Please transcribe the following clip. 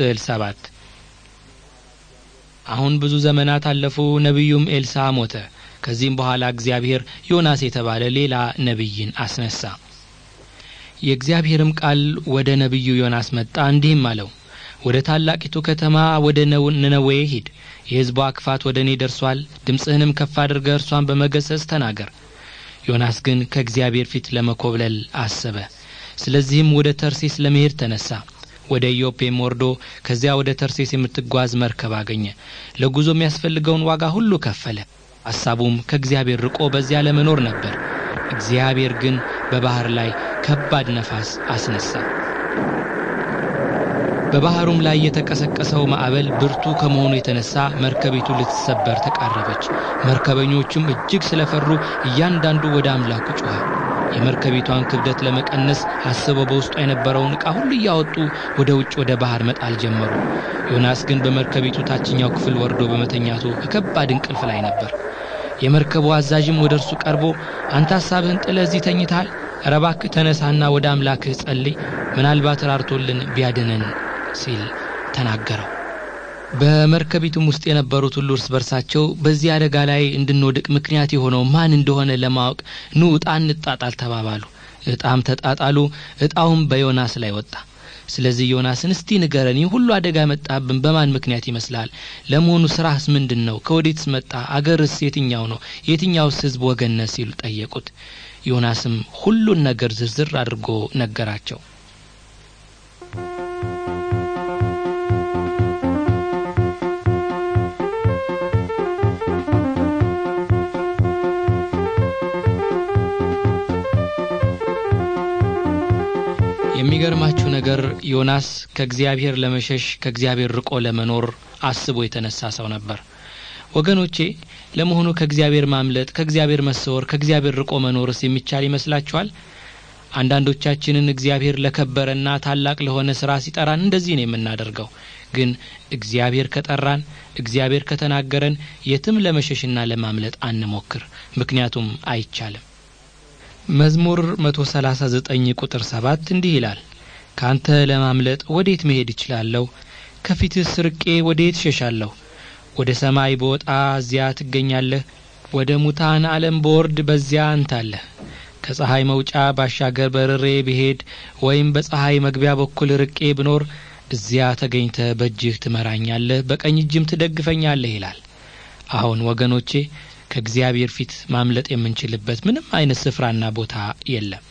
ስዕል ሰባት አሁን ብዙ ዘመናት አለፉ። ነቢዩም ኤልሳ ሞተ። ከዚህም በኋላ እግዚአብሔር ዮናስ የተባለ ሌላ ነቢይን አስነሳ። የእግዚአብሔርም ቃል ወደ ነቢዩ ዮናስ መጣ፣ እንዲህም አለው ወደ ታላቂቱ ከተማ ወደ ነነዌ ሂድ። የሕዝቧ ክፋት ወደ እኔ ደርሷል። ድምፅህንም ከፍ አድርገህ እርሷን በመገሰጽ ተናገር። ዮናስ ግን ከእግዚአብሔር ፊት ለመኮብለል አሰበ። ስለዚህም ወደ ተርሴስ ለመሄድ ተነሳ። ወደ ኢዮጴም ወርዶ ከዚያ ወደ ተርሴስ የምትጓዝ መርከብ አገኘ። ለጉዞ የሚያስፈልገውን ዋጋ ሁሉ ከፈለ። ሐሳቡም ከእግዚአብሔር ርቆ በዚያ ለመኖር ነበር። እግዚአብሔር ግን በባሕር ላይ ከባድ ነፋስ አስነሳ። በባሕሩም ላይ የተቀሰቀሰው ማዕበል ብርቱ ከመሆኑ የተነሳ መርከቢቱ ልትሰበር ተቃረበች። መርከበኞቹም እጅግ ስለፈሩ እያንዳንዱ ወደ አምላኩ ጮኸ። የመርከቢቷን ክብደት ለመቀነስ አስበው በውስጧ የነበረውን ዕቃ ሁሉ እያወጡ ወደ ውጭ ወደ ባህር መጣል ጀመሩ። ዮናስ ግን በመርከቢቱ ታችኛው ክፍል ወርዶ በመተኛቱ ከከባድ እንቅልፍ ላይ ነበር። የመርከቡ አዛዥም ወደ እርሱ ቀርቦ አንተ ሐሳብህን ጥለህ እዚህ ተኝታል። ኧረ እባክህ ተነሳና ወደ አምላክህ ጸልይ፣ ምናልባት ራርቶልን ቢያድነን ሲል ተናገረው። በመርከቢቱም ውስጥ የነበሩት ሁሉ እርስ በርሳቸው በዚህ አደጋ ላይ እንድንወድቅ ምክንያት የሆነው ማን እንደሆነ ለማወቅ ኑ እጣ እንጣጣል ተባባሉ። እጣም ተጣጣሉ። እጣውም በዮናስ ላይ ወጣ። ስለዚህ ዮናስን እስቲ ንገረን፣ ይህ ሁሉ አደጋ መጣብን በማን ምክንያት ይመስላል? ለመሆኑ ስራህስ ምንድን ነው? ከወዴትስ መጣ? አገርስ የትኛው ነው? የትኛውስ ህዝብ ወገነ? ሲሉ ጠየቁት። ዮናስም ሁሉን ነገር ዝርዝር አድርጎ ነገራቸው። የሚገርማችሁ ነገር ዮናስ ከእግዚአብሔር ለመሸሽ ከእግዚአብሔር ርቆ ለመኖር አስቦ የተነሳ ሰው ነበር። ወገኖቼ ለመሆኑ ከእግዚአብሔር ማምለጥ፣ ከእግዚአብሔር መሰወር፣ ከእግዚአብሔር ርቆ መኖርስ የሚቻል ይመስላችኋል? አንዳንዶቻችንን እግዚአብሔር ለከበረና ታላቅ ለሆነ ስራ ሲጠራን እንደዚህ ነው የምናደርገው። ግን እግዚአብሔር ከጠራን፣ እግዚአብሔር ከተናገረን የትም ለመሸሽና ለማምለጥ አንሞክር። ምክንያቱም አይቻልም። መዝሙር 139 ቁጥር 7 እንዲህ ይላል ካንተ ለማምለጥ ወዴት መሄድ እችላለሁ? ከፊትስ ርቄ ወዴት ሸሻለሁ? ወደ ሰማይ በወጣ እዚያ ትገኛለህ። ወደ ሙታን ዓለም በወርድ በዚያ አለህ። ከፀሐይ መውጫ ባሻገር በርሬ ብሄድ ወይም በፀሐይ መግቢያ በኩል ርቄ ብኖር እዚያ ተገኝተህ በእጅህ ትመራኛለህ፣ በቀኝ እጅም ትደግፈኛለህ ይላል። አሁን ወገኖቼ ከእግዚአብሔር ፊት ማምለጥ የምንችልበት ምንም አይነት ስፍራና ቦታ የለም።